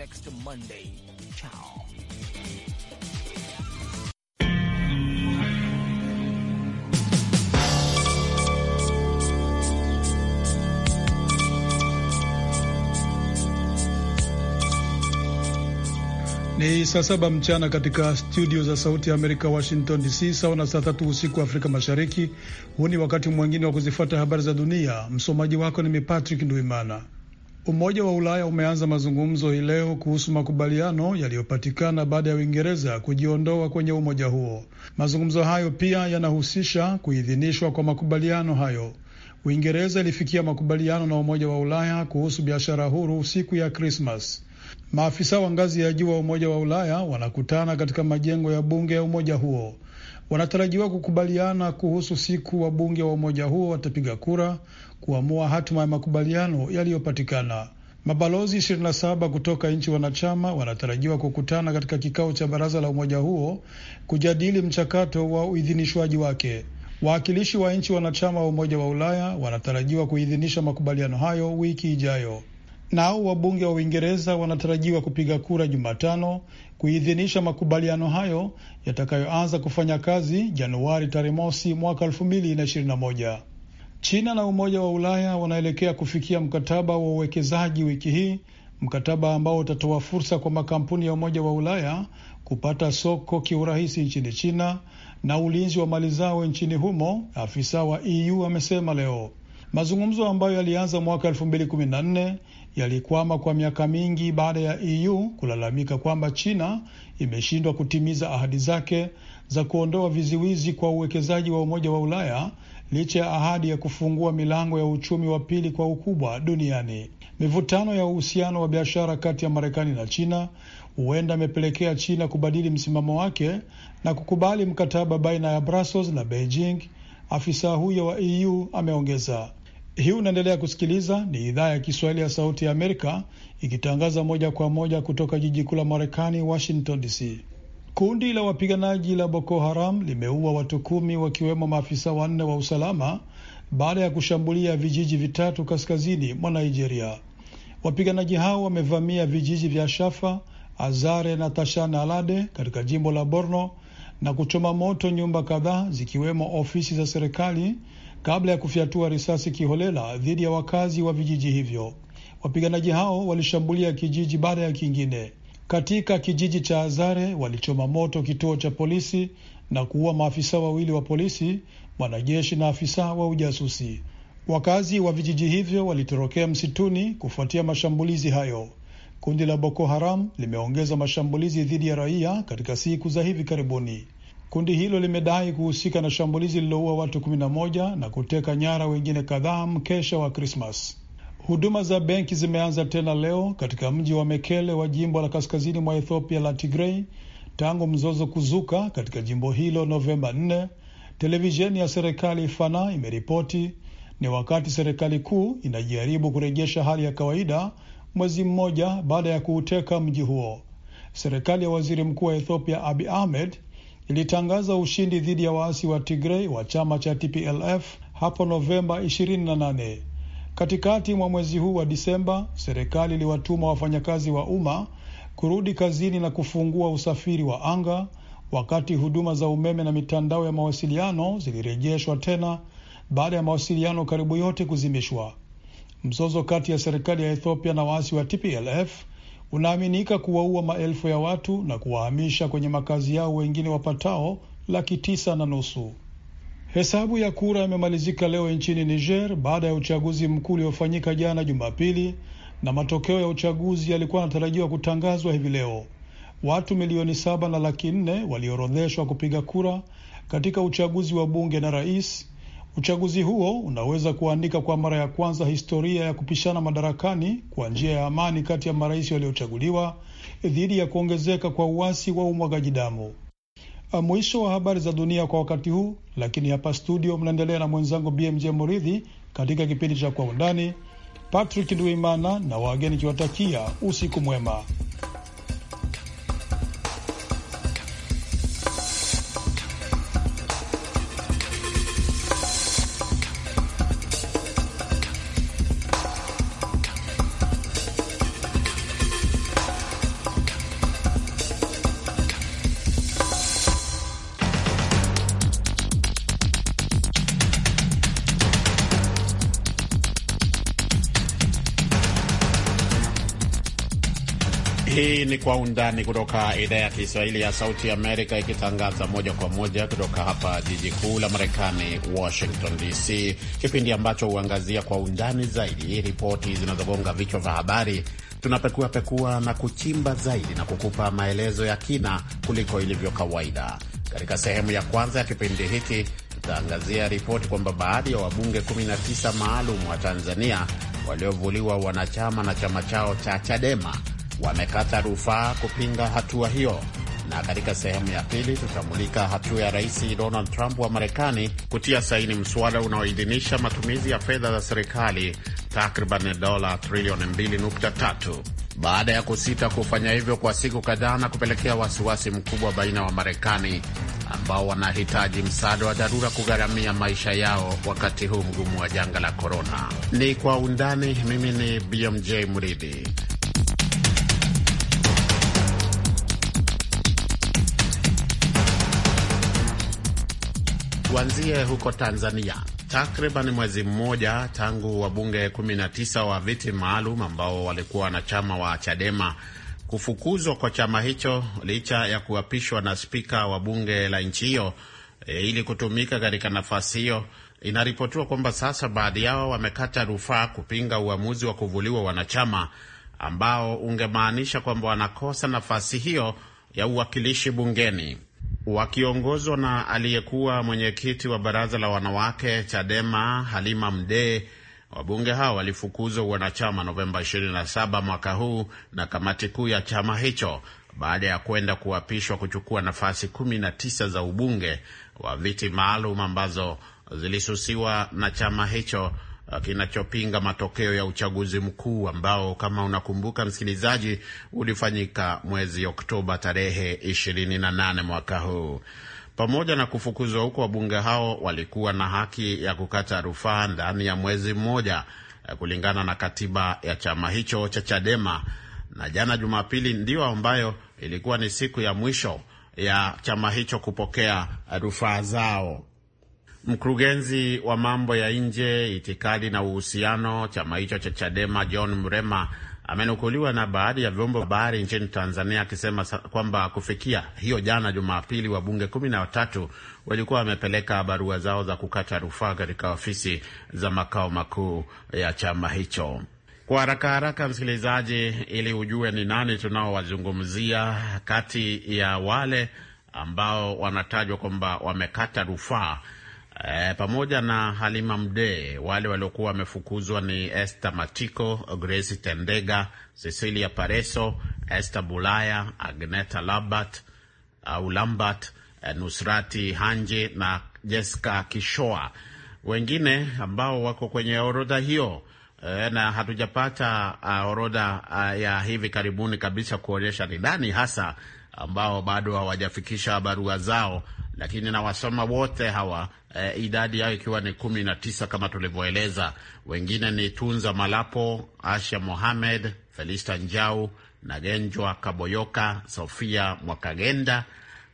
next Monday. Ciao. Ni saa saba mchana katika studio za Sauti ya Amerika, Washington DC, sawa na saa tatu usiku wa Afrika Mashariki. Huu ni wakati mwingine wa kuzifuata habari za dunia. Msomaji wako ni mimi Patrick Nduimana. Umoja wa Ulaya umeanza mazungumzo hii leo kuhusu makubaliano yaliyopatikana baada ya Uingereza kujiondoa kwenye umoja huo. Mazungumzo hayo pia yanahusisha kuidhinishwa kwa makubaliano hayo. Uingereza ilifikia makubaliano na Umoja wa Ulaya kuhusu biashara huru siku ya Krismas. Maafisa wa ngazi ya juu wa Umoja wa Ulaya wanakutana katika majengo ya bunge ya umoja huo. Wanatarajiwa kukubaliana kuhusu siku wabunge wa umoja huo watapiga kura kuamua hatima ya makubaliano yaliyopatikana. Mabalozi 27 kutoka nchi wanachama wanatarajiwa kukutana katika kikao cha baraza la umoja huo kujadili mchakato wa uidhinishwaji wake. Wawakilishi wa nchi wanachama wa Umoja wa Ulaya wanatarajiwa kuidhinisha makubaliano hayo wiki ijayo. Nao wabunge wa Uingereza wanatarajiwa kupiga kura Jumatano kuidhinisha makubaliano hayo yatakayoanza kufanya kazi Januari tarehe mosi mwaka elfu mbili na ishirini na moja. China na Umoja wa Ulaya wanaelekea kufikia mkataba wa uwekezaji wiki hii, mkataba ambao utatoa fursa kwa makampuni ya Umoja wa Ulaya kupata soko kiurahisi nchini China na ulinzi wa mali zao nchini humo, afisa wa EU amesema leo. Mazungumzo ambayo yalianza mwaka elfu mbili kumi na nne yalikwama kwa miaka mingi baada ya EU kulalamika kwamba China imeshindwa kutimiza ahadi zake za kuondoa viziwizi kwa uwekezaji wa Umoja wa Ulaya licha ya ahadi ya kufungua milango ya uchumi wa pili kwa ukubwa duniani. Mivutano ya uhusiano wa biashara kati ya Marekani na China huenda amepelekea China kubadili msimamo wake na kukubali mkataba baina ya Brussels na Beijing, afisa huyo wa EU ameongeza. Hii unaendelea kusikiliza, ni idhaa ya Kiswahili ya Sauti ya Amerika ikitangaza moja kwa moja kutoka jiji kuu la Marekani, Washington DC. Kundi la wapiganaji la Boko Haram limeua watu kumi wakiwemo maafisa wanne wa usalama baada ya kushambulia vijiji vitatu kaskazini mwa Nigeria. Wapiganaji hao wamevamia vijiji vya Shafa, Azare na Tashana Alade katika jimbo la Borno na kuchoma moto nyumba kadhaa zikiwemo ofisi za serikali kabla ya kufyatua risasi kiholela dhidi ya wakazi wa vijiji hivyo. Wapiganaji hao walishambulia kijiji baada ya kingine katika kijiji cha Azare walichoma moto kituo cha polisi na kuua maafisa wawili wa polisi, mwanajeshi na afisa wa ujasusi. Wakazi wa vijiji hivyo walitorokea msituni kufuatia mashambulizi hayo. Kundi la Boko Haram limeongeza mashambulizi dhidi ya raia katika siku za hivi karibuni. Kundi hilo limedai kuhusika na shambulizi lililoua watu 11 na kuteka nyara wengine kadhaa mkesha wa Krismas. Huduma za benki zimeanza tena leo katika mji wa Mekele wa jimbo la kaskazini mwa Ethiopia la Tigrei tangu mzozo kuzuka katika jimbo hilo Novemba 4, televisheni ya serikali Fana imeripoti. Ni wakati serikali kuu inajaribu kurejesha hali ya kawaida mwezi mmoja baada ya kuuteka mji huo. Serikali ya waziri mkuu wa Ethiopia Abi Ahmed ilitangaza ushindi dhidi ya waasi wa Tigrei wa chama cha TPLF hapo Novemba 28. Katikati mwa mwezi huu wa Disemba, serikali iliwatuma wafanyakazi wa umma kurudi kazini na kufungua usafiri wa anga, wakati huduma za umeme na mitandao ya mawasiliano zilirejeshwa tena baada ya mawasiliano karibu yote kuzimishwa. Mzozo kati ya serikali ya Ethiopia na waasi wa TPLF unaaminika kuwaua maelfu ya watu na kuwahamisha kwenye makazi yao wengine wapatao laki tisa na nusu. Hesabu ya kura imemalizika leo nchini Niger baada ya uchaguzi mkuu uliofanyika jana Jumapili, na matokeo ya uchaguzi yalikuwa yanatarajiwa kutangazwa hivi leo. Watu milioni saba na laki nne waliorodheshwa kupiga kura katika uchaguzi wa bunge na rais. Uchaguzi huo unaweza kuandika kwa mara ya kwanza historia ya kupishana madarakani kwa njia ya amani kati ya marais waliochaguliwa dhidi ya kuongezeka kwa uasi wa umwagaji damu. Mwisho wa habari za dunia kwa wakati huu, lakini hapa studio mnaendelea na mwenzangu BMJ Muridhi katika kipindi cha Kwa Undani. Patrick Nduimana na wageni kiwatakia usiku mwema. Kwa Undani kutoka idhaa ya Kiswahili ya Sauti ya Amerika, ikitangaza moja kwa moja kutoka hapa jiji kuu la Marekani, Washington DC, kipindi ambacho huangazia kwa undani zaidi ripoti zinazogonga vichwa vya habari. Tunapekuapekua na kuchimba zaidi na kukupa maelezo ya kina kuliko ilivyo kawaida. Katika sehemu ya kwanza ya kipindi hiki tutaangazia ripoti kwamba baadhi ya wabunge 19 maalum wa Tanzania waliovuliwa wanachama na chama chao cha Chadema wamekata rufaa kupinga hatua hiyo na katika sehemu ya pili tutamulika hatua ya Rais Donald Trump wa Marekani kutia saini mswada unaoidhinisha matumizi ya fedha za serikali takriban dola trilioni 2.3 baada ya kusita kufanya hivyo kwa siku kadhaa na kupelekea wasiwasi mkubwa baina wa Marekani ambao wanahitaji msaada wa dharura kugharamia maisha yao wakati huu mgumu wa janga la korona. Ni kwa undani. Mimi ni BMJ Mridhi. Tuanzie huko Tanzania. Takriban mwezi mmoja tangu wabunge 19 wa viti maalum ambao walikuwa wanachama wa Chadema kufukuzwa kwa chama hicho licha ya kuapishwa na spika wa bunge la nchi hiyo e, ili kutumika katika nafasi hiyo. Inaripotiwa kwamba sasa baadhi yao wamekata rufaa kupinga uamuzi wa kuvuliwa wanachama ambao ungemaanisha kwamba wanakosa nafasi hiyo ya uwakilishi bungeni wakiongozwa na aliyekuwa mwenyekiti wa baraza la wanawake Chadema Halima Mdee. Wabunge hao walifukuzwa wanachama Novemba 27 mwaka huu na kamati kuu ya chama hicho baada ya kwenda kuapishwa kuchukua nafasi 19 za ubunge wa viti maalum ambazo zilisusiwa na chama hicho Ah, kinachopinga matokeo ya uchaguzi mkuu ambao kama unakumbuka msikilizaji, ulifanyika mwezi Oktoba tarehe 28 mwaka huu. Pamoja na kufukuzwa huko, wabunge hao walikuwa na haki ya kukata rufaa ndani ya mwezi mmoja eh, kulingana na katiba ya chama hicho cha Chadema, na jana Jumapili ndio ambayo ilikuwa ni siku ya mwisho ya chama hicho kupokea rufaa zao. Mkurugenzi wa mambo ya nje, itikadi na uhusiano, chama hicho cha Chadema, John Mrema amenukuliwa na baadhi ya vyombo vya habari nchini Tanzania akisema kwamba kufikia hiyo jana Jumapili, wabunge kumi na watatu walikuwa wamepeleka barua zao za kukata rufaa katika ofisi za makao makuu ya chama hicho. Kwa haraka haraka, msikilizaji, ili ujue ni nani tunaowazungumzia kati ya wale ambao wanatajwa kwamba wamekata rufaa e, pamoja na Halima Mdee. Wale waliokuwa wamefukuzwa ni Esther Matiko, Grace Tendega, Cecilia Pareso, Esther Bulaya, Agneta Labat au Lambert, eh, Nusrati Hanje na Jessica Kishoa. Wengine ambao wako kwenye orodha hiyo e, na hatujapata uh, orodha uh, ya hivi karibuni kabisa kuonyesha ni nani hasa ambao bado hawajafikisha barua zao lakini nawasoma wote hawa e, idadi yao ikiwa ni kumi na tisa kama tulivyoeleza. Wengine ni Tunza Malapo, Asha Mohamed, Felista Njau, Nagenjwa Kaboyoka, Sofia Mwakagenda,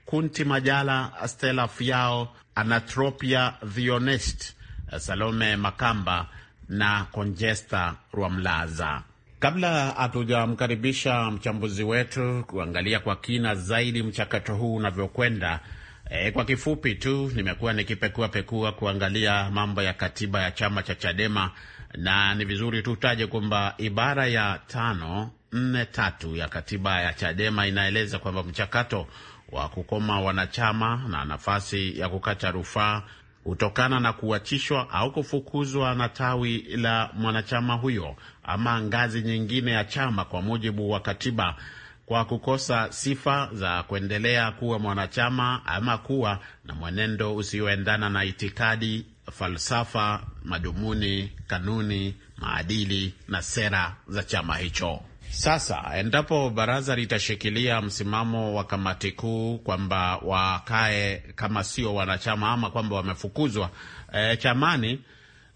Kunti Majala, Stella Fiao, Anatropia Vionest, eh, Salome Makamba na konjesta Rwamlaza. Kabla hatujamkaribisha mchambuzi wetu kuangalia kwa kina zaidi mchakato huu unavyokwenda, E, kwa kifupi tu nimekuwa nikipekua pekua kuangalia mambo ya katiba ya chama cha Chadema na ni vizuri tutaje kwamba ibara ya tano nne tatu ya katiba ya Chadema inaeleza kwamba mchakato wa kukoma wanachama na nafasi ya kukata rufaa hutokana na kuachishwa au kufukuzwa na tawi la mwanachama huyo ama ngazi nyingine ya chama kwa mujibu wa katiba kwa kukosa sifa za kuendelea kuwa mwanachama ama kuwa na mwenendo usioendana na itikadi, falsafa, madhumuni, kanuni, maadili na sera za chama hicho. Sasa endapo baraza litashikilia msimamo wa kamati kuu kwamba wakae kama sio wanachama ama kwamba wamefukuzwa e, chamani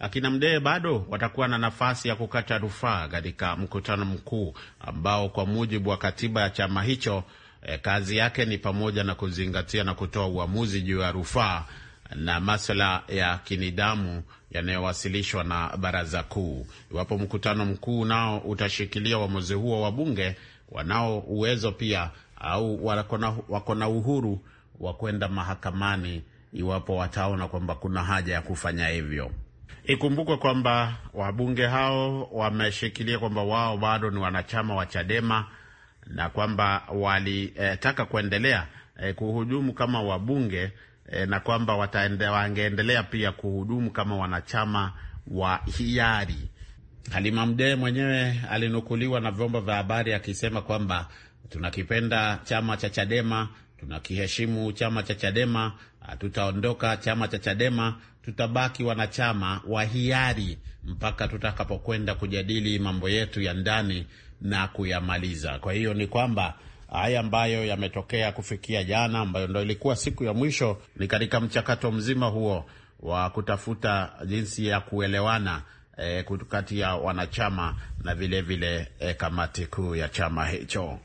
akina Mdee bado watakuwa na nafasi ya kukata rufaa katika mkutano mkuu ambao kwa mujibu wa katiba ya chama hicho e, kazi yake ni pamoja na kuzingatia na kutoa uamuzi juu ya rufaa na masala ya kinidamu yanayowasilishwa na baraza kuu. Iwapo mkutano mkuu nao utashikilia uamuzi huo, wabunge wanao uwezo pia au wako na uhuru wa kwenda mahakamani iwapo wataona kwamba kuna haja ya kufanya hivyo. Ikumbukwe kwamba wabunge hao wameshikilia kwamba wao bado ni wanachama wa Chadema na kwamba walitaka e, kuendelea e, eh, kuhudumu kama wabunge e, na kwamba wangeendelea pia kuhudumu kama wanachama wa hiari. Halima Mdee mwenyewe alinukuliwa na vyombo vya habari akisema kwamba tunakipenda chama cha Chadema, tunakiheshimu chama cha Chadema, hatutaondoka chama cha Chadema tutabaki wanachama wa hiari mpaka tutakapokwenda kujadili mambo yetu ya ndani na kuyamaliza. Kwa hiyo ni kwamba haya ambayo yametokea kufikia jana, ambayo ndo ilikuwa siku ya mwisho, ni katika mchakato mzima huo wa kutafuta jinsi ya kuelewana eh, kati ya wanachama na vilevile vile, eh, kamati kuu ya chama hicho.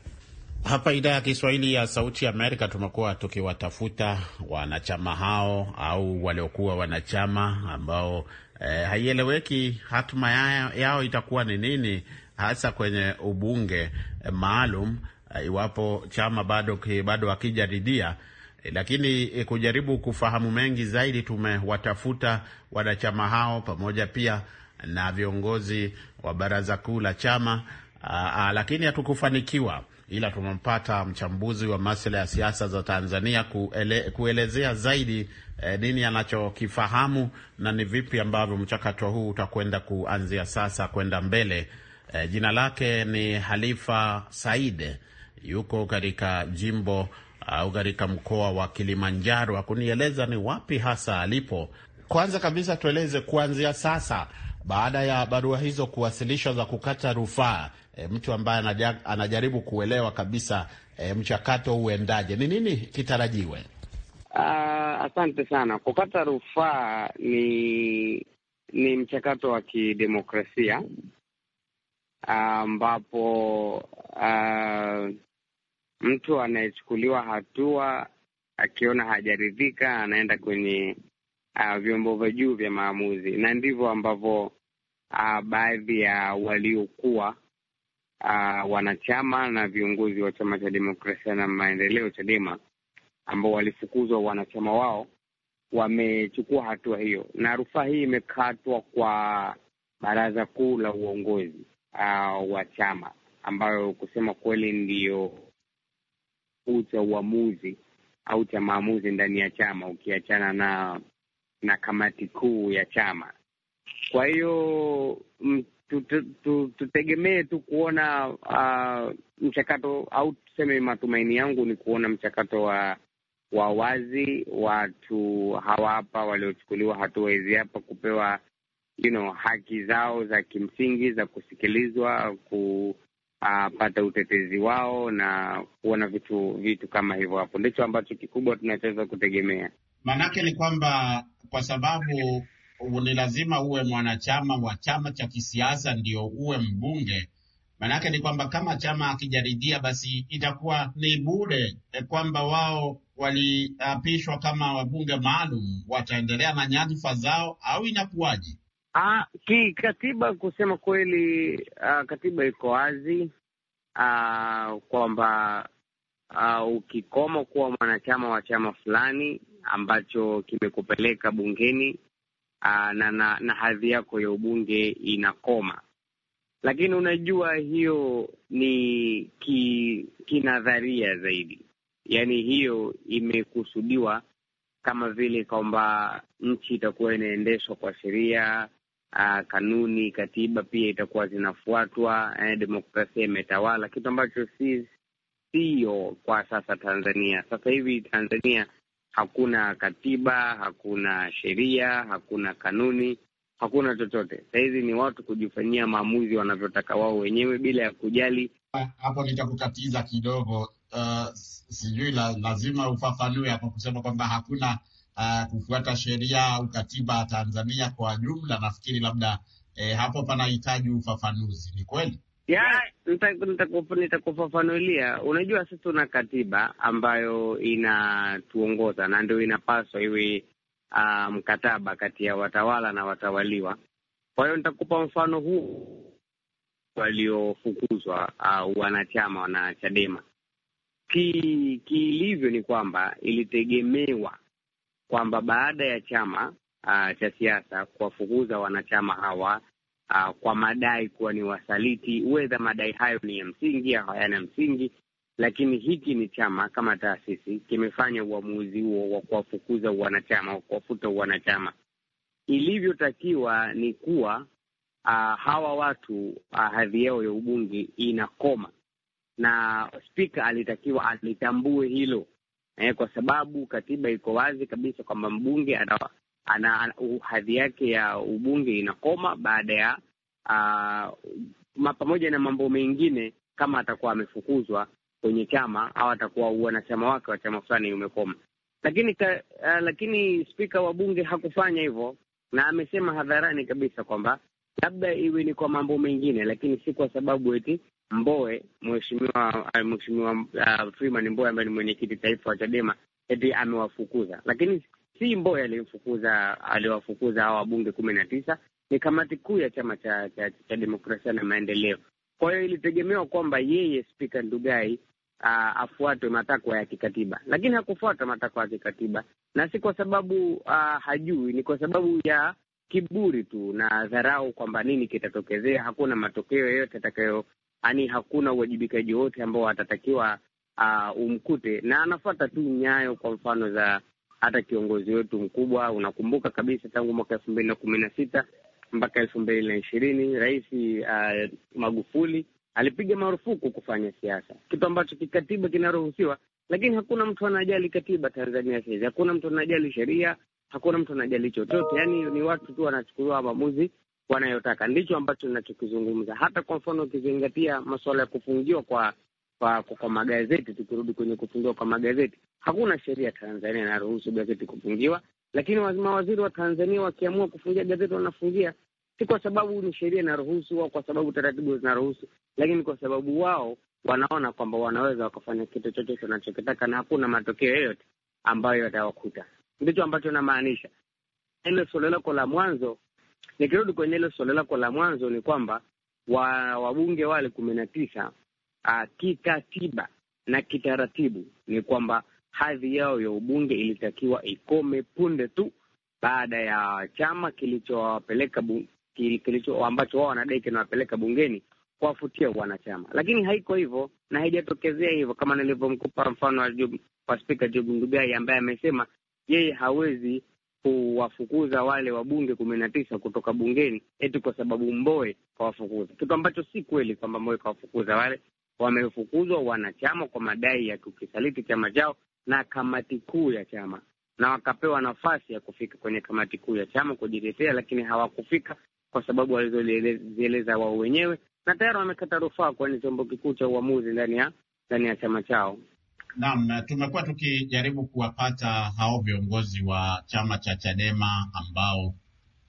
Hapa idhaa ya Kiswahili ya Sauti ya Amerika tumekuwa tukiwatafuta wanachama hao au waliokuwa wanachama ambao eh, haieleweki hatima yao itakuwa ni nini hasa kwenye ubunge eh, maalum eh, iwapo chama bado bado hakijaridhia eh, lakini eh, kujaribu kufahamu mengi zaidi tumewatafuta wanachama hao pamoja pia na viongozi wa baraza kuu la chama ah, ah, lakini hatukufanikiwa ila tumempata mchambuzi wa masuala ya siasa za Tanzania kuele, kuelezea zaidi eh, nini anachokifahamu na ni vipi ambavyo mchakato huu utakwenda kuanzia sasa kwenda mbele. Eh, jina lake ni Halifa Said, yuko katika jimbo ah, au katika mkoa wa Kilimanjaro. Akunieleza ni wapi hasa alipo. Kwanza kabisa tueleze kuanzia sasa baada ya barua hizo kuwasilishwa za kukata rufaa. E, mtu ambaye anajaribu kuelewa kabisa e, mchakato uendaje, ni nini kitarajiwe? Uh, asante sana. Kukata rufaa ni ni mchakato wa kidemokrasia ambapo uh, uh, mtu anayechukuliwa hatua akiona hajaridhika anaenda kwenye uh, vyombo vya juu vya maamuzi, na ndivyo ambavyo uh, baadhi ya waliokuwa uh, wanachama na viongozi wa chama cha demokrasia na maendeleo Chadema ambao walifukuzwa wanachama wao wamechukua hatua hiyo, na rufaa hii imekatwa kwa baraza kuu la uongozi uh, wa chama ambayo kusema kweli ndiyo kuu cha uamuzi au cha maamuzi ndani ya chama, ukiachana na na kamati kuu ya chama. Kwa hiyo mm, tutegemee tu kuona uh, mchakato au tuseme, matumaini yangu ni kuona mchakato wa wa wazi, watu hawa hapa waliochukuliwa hatua hizi hapa kupewa you know, haki zao za kimsingi za kusikilizwa, kupata ah, uh, utetezi wao na kuona vitu vitu kama hivyo. Hapo ndicho ambacho kikubwa tunachoweza kutegemea. Maanake ni kwamba kwa sababu ni lazima uwe mwanachama wa chama cha kisiasa ndio uwe mbunge. Maanake ni kwamba kama chama akijaridia basi itakuwa ni bure eh, kwamba wao waliapishwa kama wabunge maalum, wataendelea na nyadhifa zao, au inakuwaje? Ah, kikatiba kusema kweli, ah, katiba iko wazi ah, kwamba ah, ukikoma kuwa mwanachama wa chama fulani ambacho kimekupeleka bungeni aa, ah, na, na, na hadhi yako ya ubunge inakoma. Lakini unajua hiyo ni ki, kinadharia zaidi, yaani hiyo imekusudiwa kama vile kwamba nchi itakuwa inaendeshwa kwa sheria ah, kanuni, katiba pia itakuwa zinafuatwa, eh, demokrasia imetawala, kitu ambacho si siyo kwa sasa Tanzania. Sasa hivi Tanzania hakuna katiba, hakuna sheria, hakuna kanuni, hakuna chochote. Sahizi ni watu kujifanyia maamuzi wanavyotaka wao wenyewe bila ya kujali. Hapo nitakukatiza kidogo. Uh, sijui la, lazima ufafanue hapo kusema kwamba hakuna uh, kufuata sheria au katiba Tanzania kwa jumla. Nafikiri labda eh, hapo panahitaji ufafanuzi. Ni kweli ya nitakufafanulia unajua sisi tuna katiba ambayo inatuongoza na ndio inapaswa iwe uh, mkataba kati ya watawala na watawaliwa. Kwa hiyo nitakupa mfano huu waliofukuzwa uh, wanachama wana Chadema ki kiilivyo ni kwamba ilitegemewa kwamba baada ya chama uh, cha siasa kuwafukuza wanachama hawa uh, kwa madai kuwa ni wasaliti. Wedha madai hayo ni ya msingi au hayana msingi, lakini hiki ni chama kama taasisi kimefanya uamuzi huo wa kuwafukuza wanachama, wa kuwafuta wanachama. Ilivyotakiwa ni kuwa uh, hawa watu uh, hadhi yao ya ubunge inakoma na spika alitakiwa alitambue hilo eh, kwa sababu katiba iko wazi kabisa kwamba mbunge anawa ana hadhi yake ya ubunge inakoma baada ya uh, pamoja na mambo mengine, kama atakuwa amefukuzwa kwenye chama au atakuwa wanachama wake wa chama fulani umekoma. Lakini ka, uh, lakini spika wa bunge hakufanya hivyo, na amesema hadharani kabisa kwamba labda iwe ni kwa mambo mengine, lakini si kwa sababu eti mboe mheshimiwa mheshimiwa uh, Freeman Mboe ambaye ni mwenyekiti taifa wa Chadema eti amewafukuza. Lakini si mboya aliyemfukuza aliwafukuza hawa wabunge kumi na tisa, ni kamati kuu ya chama cha, cha, cha demokrasia na maendeleo. Kwa hiyo ilitegemewa kwamba yeye spika Ndugai Uh, afuatwe matakwa ya kikatiba lakini hakufuata matakwa ya kikatiba, na si kwa sababu uh, hajui, ni kwa sababu ya kiburi tu na dharau kwamba nini kitatokezea. Hakuna matokeo yoyote atakayo, yani hakuna uwajibikaji wowote ambao atatakiwa uh, umkute, na anafuata tu nyayo, kwa mfano za hata kiongozi wetu mkubwa, unakumbuka kabisa tangu mwaka elfu mbili na kumi na sita mpaka elfu mbili na ishirini Rais uh, Magufuli alipiga marufuku kufanya siasa, kitu ambacho kikatiba kinaruhusiwa, lakini hakuna mtu anajali katiba Tanzania sahizi, hakuna mtu anajali sheria, hakuna mtu anajali chochote. Yani ni watu tu wanachukuliwa maamuzi wanayotaka, ndicho ambacho ninachokizungumza. Hata kwa mfano ukizingatia masuala ya kufungiwa kwa kwa, kwa, kwa magazeti, tukirudi kwenye kufungiwa kwa magazeti, Hakuna sheria Tanzania inaruhusu gazeti kufungiwa, lakini mawaziri wa Tanzania wakiamua kufungia gazeti wanafungia, si kwa sababu ni sheria inaruhusu au kwa sababu taratibu zinaruhusu, lakini kwa sababu wao wanaona kwamba wanaweza wakafanya kitu chochote wanachokitaka na hakuna matokeo yoyote ambayo yatawakuta. Ndicho ambacho namaanisha ile suala lako la mwanzo. Nikirudi kwenye hilo suala lako la mwanzo, ni kwamba wa wabunge wale kumi na tisa, ah, kikatiba na kitaratibu ni kwamba hadhi yao ya ubunge ilitakiwa ikome punde tu baada ya chama kilichowapeleka kilicho ambacho wao wanadai kinawapeleka bungeni kuwafutia wanachama, lakini haiko hivyo na haijatokezea hivyo, kama nilivyomkupa mfano wa wa Spika Job Ndugai ambaye amesema yeye hawezi kuwafukuza wale wabunge kumi na tisa kutoka bungeni eti kwa sababu mboe kawafukuza, kitu ambacho si kweli kwamba mboe kawafukuza wale. Wamefukuzwa wanachama kwa madai ya kukisaliti chama chao na kamati kuu ya chama na wakapewa nafasi ya kufika kwenye kamati kuu ya chama kujitetea, lakini hawakufika kwa sababu walizozieleza wao wenyewe, na tayari wamekata rufaa kwenye chombo kikuu cha uamuzi ndani ya ndani ya chama chao. Naam, tumekuwa tukijaribu kuwapata hao viongozi wa chama cha Chadema ambao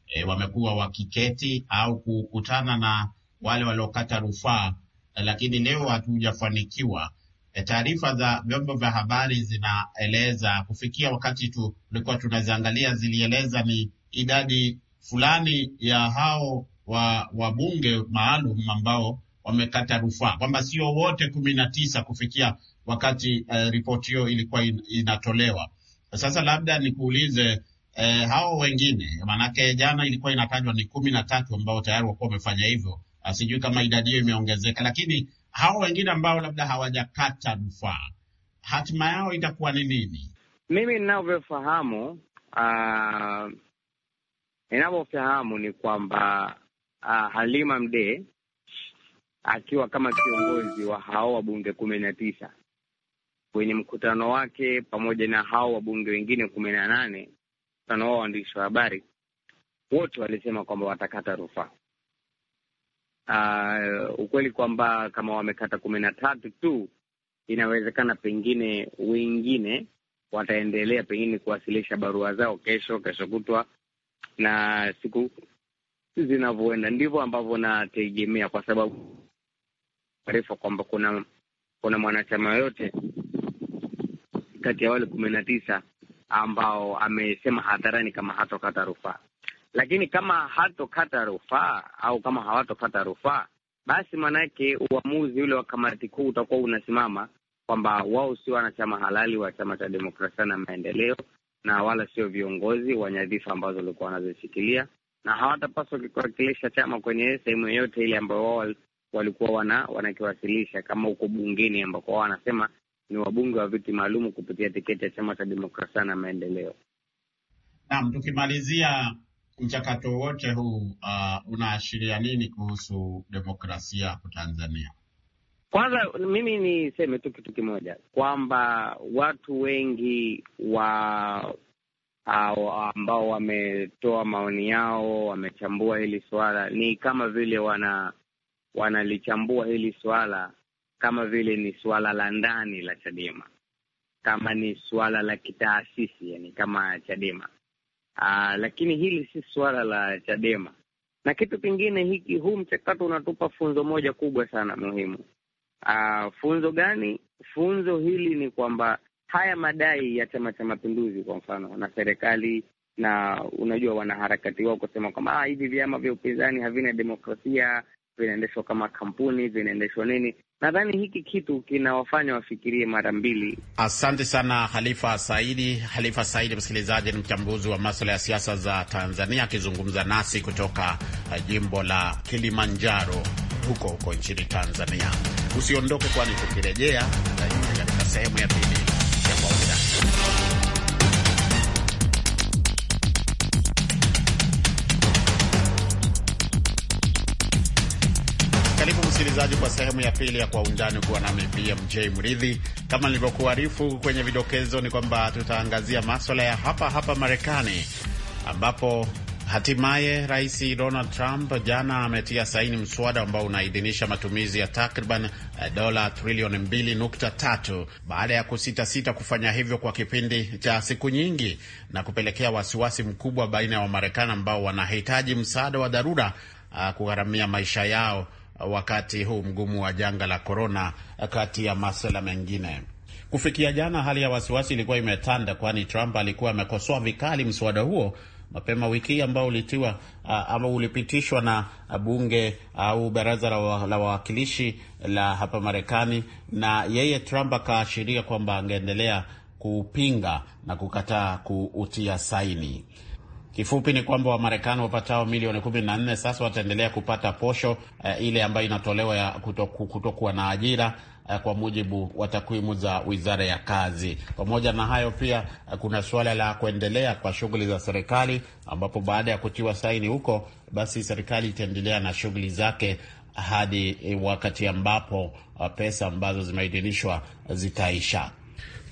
e, wamekuwa wakiketi au kukutana na wale waliokata rufaa, lakini leo hatujafanikiwa. Eh, taarifa za vyombo vya habari zinaeleza, kufikia wakati tulikuwa tunaziangalia, zilieleza ni idadi fulani ya hao wa wabunge maalum ambao wamekata rufaa, kwamba sio wote kumi na tisa kufikia wakati uh, ripoti hiyo ilikuwa in, inatolewa. Sasa labda nikuulize eh, hao wengine, maanake jana ilikuwa inatajwa ni kumi na tatu ambao tayari wakuwa wamefanya hivyo. Ah, sijui kama idadi hiyo imeongezeka, lakini hao wengine ambao labda hawajakata rufaa, hatima yao itakuwa ni nini? Mimi ninavyofahamu, uh, ninavyofahamu ni kwamba uh, Halima Mdee akiwa kama kiongozi wa hao wabunge kumi na tisa kwenye mkutano wake pamoja na hao wabunge wengine kumi na nane mkutano wao waandishi wa habari wote walisema kwamba watakata rufaa uh, ukweli kwamba kama wamekata kumi na tatu tu, inawezekana pengine wengine wataendelea pengine kuwasilisha barua zao kesho, kesho kutwa na siku zinavyoenda ndivyo ambavyo nategemea, kwa sababu taarifa kwamba kuna kuna mwanachama yoyote kati ya wale kumi na tisa ambao amesema hadharani kama hatokata rufaa. Lakini kama hatokata rufaa au kama hawatokata rufaa, basi maanake uamuzi ule wa kamati kuu utakuwa unasimama kwamba wao sio wanachama halali wa chama cha demokrasia na maendeleo, na wala sio viongozi wa nyadhifa ambazo walikuwa wanazishikilia, na hawatapaswa kukiwakilisha chama kwenye sehemu yoyote ile ambayo wao walikuwa wana wanakiwasilisha, kama huko bungeni ambako wao wanasema ni wabunge wa viti maalum kupitia tiketi ya chama cha demokrasia na maendeleo. Naam, tukimalizia mchakato wote huu uh, unaashiria nini kuhusu demokrasia hapo Tanzania? Kwanza mimi niseme tu kitu kimoja kwamba watu wengi wa ambao wametoa maoni yao, wamechambua hili suala, ni kama vile wana wanalichambua hili suala kama vile ni suala la ndani la Chadema, kama ni suala la kitaasisi, yani kama Chadema Aa, ah, lakini hili si suala la Chadema. Na kitu kingine hiki, huu mchakato unatupa funzo moja kubwa sana muhimu. Aa, ah, funzo gani? Funzo hili ni kwamba haya madai ya Chama cha Mapinduzi kwa mfano na serikali na unajua wanaharakati wao kusema kwamba ah, hivi vyama vya upinzani havina demokrasia, vinaendeshwa kama kampuni, vinaendeshwa nini, Nadhani hiki kitu kinawafanya wafikirie mara mbili. Asante sana Halifa Saidi. Halifa Saidi, msikilizaji, ni mchambuzi wa maswala ya siasa za Tanzania akizungumza nasi kutoka eh, jimbo la Kilimanjaro huko huko nchini Tanzania. Usiondoke, kwani tukirejea katika sehemu ya pili Karibu msikilizaji kwa sehemu ya pili ya Kwa Undani, kuwa nami BMJ Mridhi. Kama nilivyokuarifu kwenye vidokezo, ni kwamba tutaangazia maswala ya hapa hapa Marekani, ambapo hatimaye Rais Donald Trump jana ametia saini mswada ambao unaidhinisha matumizi ya takriban eh, dola trilioni 2.3 baada ya kusitasita kufanya hivyo kwa kipindi cha siku nyingi na kupelekea wasiwasi mkubwa baina ya Wamarekani ambao wanahitaji msaada wa dharura ah, kugharamia maisha yao wakati huu mgumu wa janga la korona, kati ya masuala mengine. Kufikia jana, hali ya wasiwasi ilikuwa imetanda, kwani Trump alikuwa amekosoa vikali mswada huo mapema wiki hii ambao ulitiwa ama ulipitishwa na bunge au baraza la wawakilishi la hapa Marekani, na yeye Trump akaashiria kwamba angeendelea kuupinga na kukataa kuutia saini. Kifupi ni kwamba Wamarekani wapatao milioni nne sasa wataendelea kupata posho eh, ile ambayo inatolewa ya kutoku, kutokuwa na ajira eh, kwa mujibu wa takwimu za wizara ya kazi. Pamoja na hayo pia eh, kuna suala la kuendelea kwa shughuli za serikali, ambapo baada ya kutiwa saini huko, basi serikali itaendelea na shughuli zake hadi eh, wakati ambapo eh, pesa ambazo zimeidhinishwa zitaisha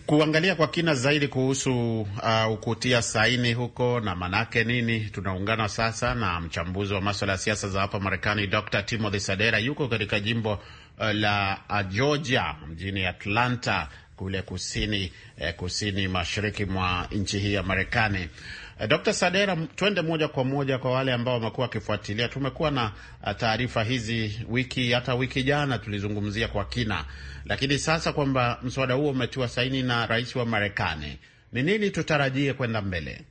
kuangalia kwa kina zaidi kuhusu uh, kutia saini huko na manake nini, tunaungana sasa na mchambuzi wa maswala ya siasa za hapa Marekani, Dr. Timothy Sadera yuko katika jimbo uh, la uh, Georgia mjini Atlanta kule kusini eh, kusini mashariki mwa nchi hii ya Marekani. Eh, Dr. Sadera, twende moja kwa moja kwa wale ambao wamekuwa wakifuatilia. Tumekuwa na eh, taarifa hizi wiki, hata wiki jana tulizungumzia kwa kina, lakini sasa kwamba mswada huo umetiwa saini na rais wa Marekani, ni nini tutarajie kwenda mbele?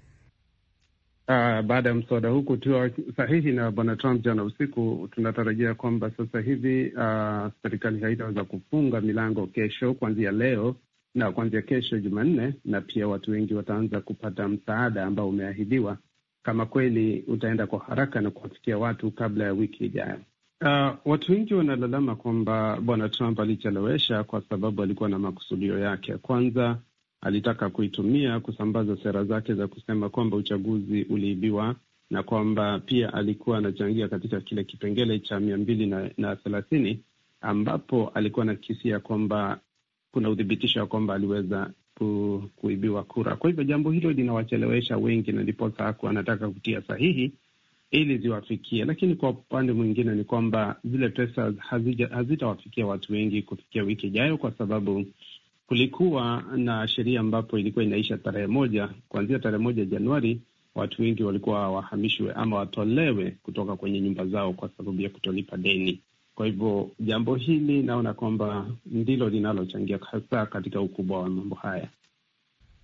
Uh, baada ya mswada huu kutiwa sahihi na bwana Trump jana usiku, tunatarajia kwamba sasa hivi uh, serikali haitaweza kufunga milango kesho, kuanzia leo na kuanzia kesho Jumanne, na pia watu wengi wataanza kupata msaada ambao umeahidiwa, kama kweli utaenda kwa haraka na kuwafikia watu kabla ya wiki ijayo. Uh, watu wengi wanalalama kwamba bwana Trump alichelewesha kwa sababu alikuwa na makusudio yake. Kwanza alitaka kuitumia kusambaza sera zake za kusema kwamba uchaguzi uliibiwa na kwamba pia alikuwa anachangia katika kile kipengele cha mia mbili na, na thelathini ambapo alikuwa anakisia kwamba kuna uthibitisho wa kwamba aliweza ku, kuibiwa kura. Kwa hivyo jambo hilo linawachelewesha wengi, na ndiposa hakuwa anataka kutia sahihi ili ziwafikie. Lakini kwa upande mwingine ni kwamba zile pesa hazitawafikia watu wengi kufikia wiki ijayo, kwa sababu kulikuwa na sheria ambapo ilikuwa inaisha tarehe moja, kuanzia tarehe moja Januari watu wengi walikuwa wahamishwe ama watolewe kutoka kwenye nyumba zao kwa sababu ya kutolipa deni. Kwa hivyo jambo hili naona kwamba ndilo linalochangia hasa katika ukubwa wa mambo haya.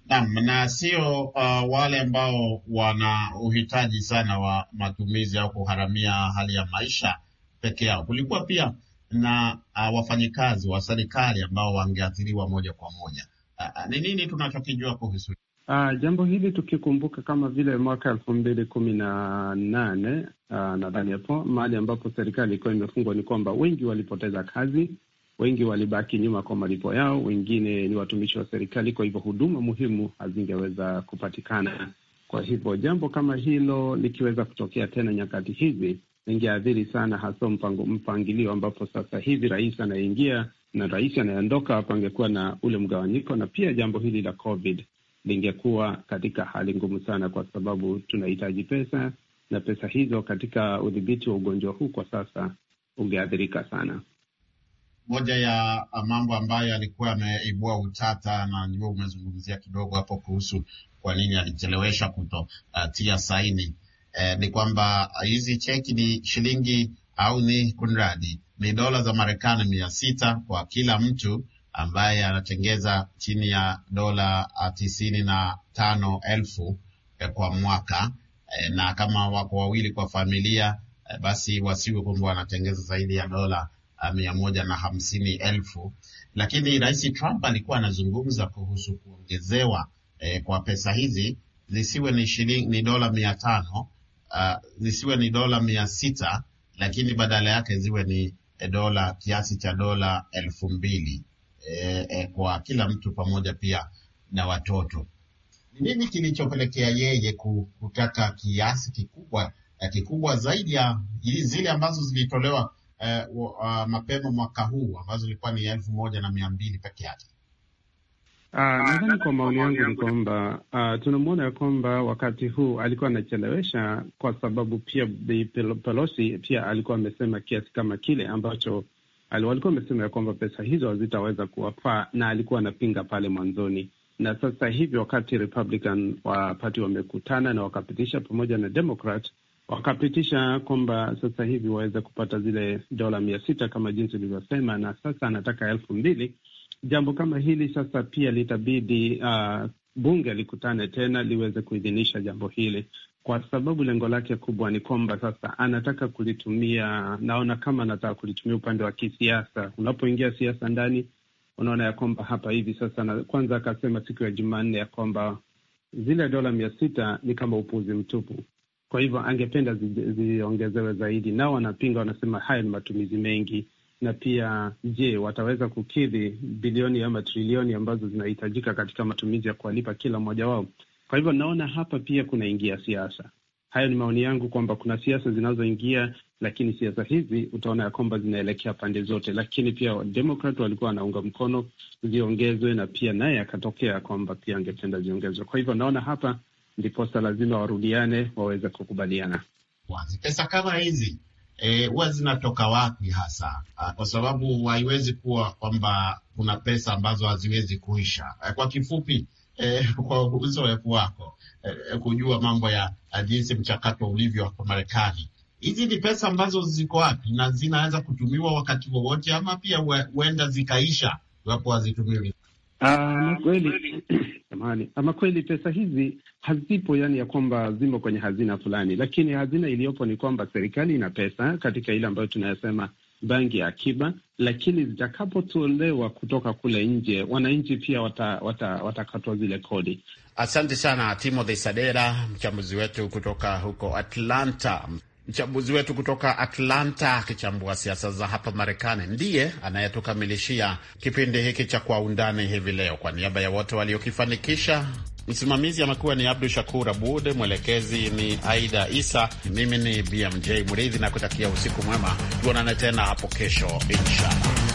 Naam, na sio uh, wale ambao wana uhitaji sana wa matumizi au kuharamia hali ya maisha peke yao. Kulikuwa pia na uh, wafanyikazi wa serikali ambao wangeathiriwa moja kwa moja. Ah, ah, ni uh, nini tunachokijua kuhusu Uh, jambo hili tukikumbuka kama vile mwaka elfu mbili kumi na nane uh, nadhani hapo mahali ambapo serikali ilikuwa imefungwa ni kwamba wengi walipoteza kazi, wengi walibaki nyuma kwa malipo yao, wengine ni watumishi wa serikali, kwa hivyo huduma muhimu hazingeweza kupatikana. Kwa hivyo jambo kama hilo likiweza kutokea tena nyakati hizi, ingeathiri sana hasa mpango mpangilio, ambapo sasa hivi rais anaingia na rais anayeondoka, hapa angekuwa na ule mgawanyiko, na pia jambo hili la COVID lingekuwa katika hali ngumu sana, kwa sababu tunahitaji pesa na pesa hizo katika udhibiti wa ugonjwa huu kwa sasa ungeathirika sana. Moja ya mambo ambayo yalikuwa ameibua utata, na najua umezungumzia kidogo hapo kuhusu kwa nini alichelewesha kutotia uh, saini eh, ni kwamba hizi cheki ni shilingi au ni kunradi ni dola za Marekani mia sita kwa kila mtu ambaye anatengeza chini ya dola tisini na tano elfu eh, kwa mwaka eh, na kama wako wawili kwa familia eh, basi wasiwe kwamba wanatengeza zaidi ya dola eh, mia moja na hamsini elfu. Lakini Rais Trump alikuwa anazungumza kuhusu kuongezewa eh, kwa pesa hizi zisiwe ni shilingi ni dola mia tano uh, zisiwe ni dola mia sita lakini badala yake ziwe ni eh, dola kiasi cha dola elfu mbili e, e, kwa kila mtu pamoja pia na watoto. Ni nini kilichopelekea yeye kutaka kiasi kikubwa kikubwa zaidi ya zile ambazo zilitolewa uh, uh, mapema mwaka huu ambazo zilikuwa ni elfu moja na mia mbili peke yake? Ah, ah, nadhani kwa maoni yangu ni kwamba ah, tunamwona ya kwamba wakati huu alikuwa anachelewesha kwa sababu pia Pelosi pia alikuwa amesema kiasi kama kile ambacho walikuwa amesema ya kwamba pesa hizo hazitaweza kuwafaa, na alikuwa anapinga pale mwanzoni, na sasa hivi wakati Republican wapati wamekutana na wakapitisha pamoja na Democrat wakapitisha kwamba sasa hivi waweze kupata zile dola mia sita kama jinsi ulivyosema, na sasa anataka elfu mbili jambo kama hili sasa pia litabidi uh, bunge likutane tena liweze kuidhinisha jambo hili, kwa sababu lengo lake kubwa ni kwamba sasa anataka kulitumia, naona kama anataka kulitumia upande wa kisiasa. Unapoingia siasa ndani, unaona ya kwamba hapa hivi sasa na, kwanza akasema siku ya Jumanne ya kwamba zile dola mia sita ni kama upuzi mtupu, kwa hivyo angependa ziongezewe zaidi. Nao wanapinga wanasema haya ni matumizi mengi na pia je, wataweza kukidhi bilioni ama trilioni ambazo zinahitajika katika matumizi ya kuwalipa kila mmoja wao. Kwa hivyo naona hapa pia kunaingia siasa. Hayo ni maoni yangu kwamba kuna siasa zinazoingia, lakini siasa hizi utaona ya kwamba zinaelekea pande zote. Lakini pia Wademokrat walikuwa wanaunga mkono ziongezwe, na pia naye akatokea kwamba pia angependa ziongezwe. Kwa hivyo naona hapa ndiposa lazima warudiane waweze kukubaliana. Pesa kama hizi E, huwa e, zinatoka wapi hasa? Kwa sababu haiwezi kuwa kwamba kuna pesa ambazo haziwezi kuisha. E, kwa kifupi e, kwa uzoefu wako e, e kujua mambo ya jinsi mchakato ulivyo hapa Marekani, hizi ni pesa ambazo ziko wapi na zinaweza kutumiwa wakati wowote, ama pia huenda we, zikaisha iwapo hazitumiwi? Ah, ah, ama kweli ama kweli pesa hizi hazipo, yani ya kwamba zimo kwenye hazina fulani, lakini hazina iliyopo ni kwamba serikali ina pesa katika ile ambayo tunayosema banki ya akiba, lakini zitakapotolewa kutoka kule nje, wananchi pia watakatwa wata, wata zile kodi. Asante sana Timothy Sadera, mchambuzi wetu kutoka huko Atlanta. Mchambuzi wetu kutoka Atlanta akichambua siasa za hapa Marekani ndiye anayetukamilishia kipindi hiki cha Kwa Undani hivi leo. Kwa niaba ya wote waliokifanikisha, msimamizi amekuwa ni Abdu Shakur Abud, mwelekezi ni Aida Isa, mimi ni BMJ Mridhi na kutakia usiku mwema. Tuonane tena hapo kesho, inshallah.